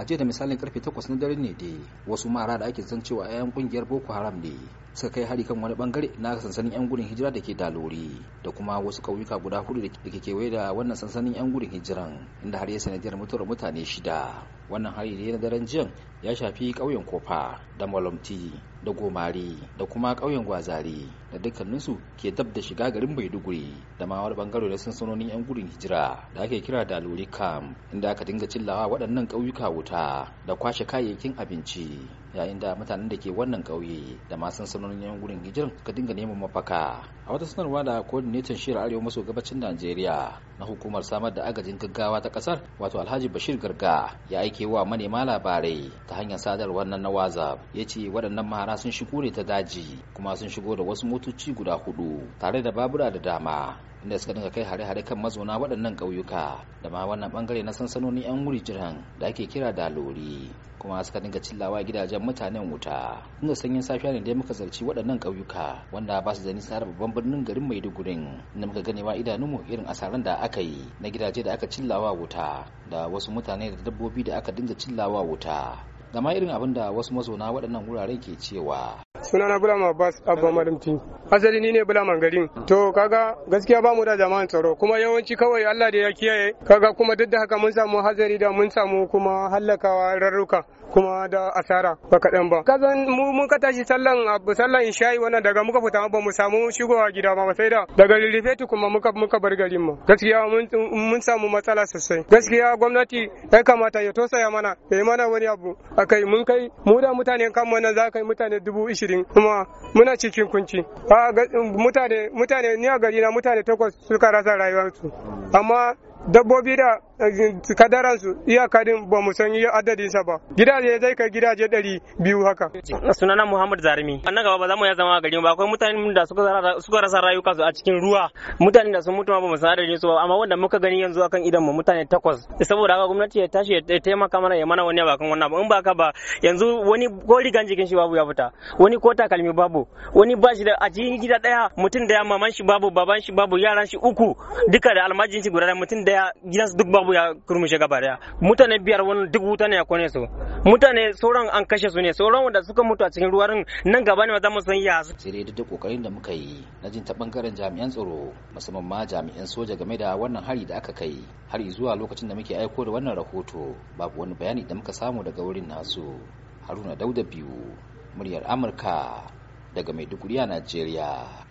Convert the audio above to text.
a jiya da misalin karfe 8 na dare ne dai wasu mara da ake zan cewa 'ya'yan kungiyar boko haram ne suka kai hari kan wani bangare na sansanin 'yan gudun hijira da ke dalori da kuma wasu kauyuka guda hudu da ke kewaye da wannan sansanin 'yan gudun hijiran inda har ya sanadiyar mutuwar mutane shida wannan hari da na daren jiyan ya shafi ƙauyen kofa da malamti da gomari da kuma ƙauyen gwazari da dukkaninsu ke dab da shiga garin maiduguri da ma wani bangare da sansanonin yan gudun hijira da ake kira da lori camp inda aka dinga cillawa waɗannan ƙauyuka wuta da kwashe kayayyakin abinci yayin da mutanen da ke wannan ƙauye da ma sansanonin yan gudun gijiran suka dinga neman mafaka a wata sanarwa da coordinator shirin arewa maso gabacin najeriya na hukumar samar da agajin gaggawa ta kasar wato alhaji bashir garga ya aike wa manema labarai ta hanyar sadarwar nan na whatsapp ya ce waɗannan mahara sun shigo ne ta daji kuma sun shigo da wasu motoci guda hudu tare da babura da dama inda suka dinga kai hare-hare kan mazauna waɗannan ƙauyuka da ma wannan bangare na sansanonin 'yan wuri jiran da ake kira da lori kuma suka dinga cillawa gidajen mutanen wuta inda sanyin safiya ne dai muka zarci waɗannan ƙauyuka wanda ba su da nisa da babban birnin garin maidugurin inda muka gani ma idanunmu irin asaran da aka yi na gidaje da aka cillawa wuta da wasu mutane da dabbobi da aka dinga cillawa wuta ga ma irin abin da wasu mazauna waɗannan wuraren ke cewa sunana bulama abbas abba marimti asali ni ne bulaman garin to kaga gaskiya ba mu da jama'an tsaro kuma yawanci kawai allah da ya kiyaye kaga kuma duk da haka mun samu hazari da mun samu kuma hallakawa rarruka kuma da asara ba kaɗan ba kazan mu mun ka tashi sallan abu sallan isha'i wannan daga muka fita ba mu samu shigowa gida ba sai da daga lilifetu kuma muka muka bar garin mu gaskiya mun samu matsala sosai gaskiya gwamnati ya kamata ya tosaya mana ya yi mana wani abu akai mun kai mu da mutane kan mu nan za kai mutane dubu ishirin kuma muna cikin kunci mutane mutane ni a gari na mutane takwas suka rasa rayuwarsu amma dabbobi da Eh, kadaransu iyakarin ba mu san sa ba gidaje zai kai gidaje ɗari biyu haka sunana muhammad zarimi a nan gaba ba za mu ya zama a garin ba akwai mutanen da suka rasa rayuka su a cikin ruwa mutanen da sun mutu ba mu san adadin su ba amma wanda muka gani yanzu akan idan mu mutane takwas saboda haka gwamnati ya tashi ya taimaka mana ya mana wani abakan wannan ba in ba ka ba yanzu wani ko rigan jikin shi babu ya fita wani ko takalmi babu wani ba shi da a cikin gida daya mutum daya maman shi babu baban shi babu yaran shi uku duka da almajin shi guda mutum daya gidansu duk babu abu ya kurmushe gaba daya mutane biyar wani duk wuta ne ya kone su mutane sauran an kashe su ne sauran wanda suka mutu a cikin ruwan nan gaba ne za mu san ya sai dai duk kokarin da muka yi na jin ta bangaren jami'an tsaro musamman ma jami'an soja game da wannan hari da aka kai har zuwa lokacin da muke aiko da wannan rahoto babu wani bayani da muka samu daga wurin nasu haruna dauda biyu muryar amurka daga maiduguri a najeriya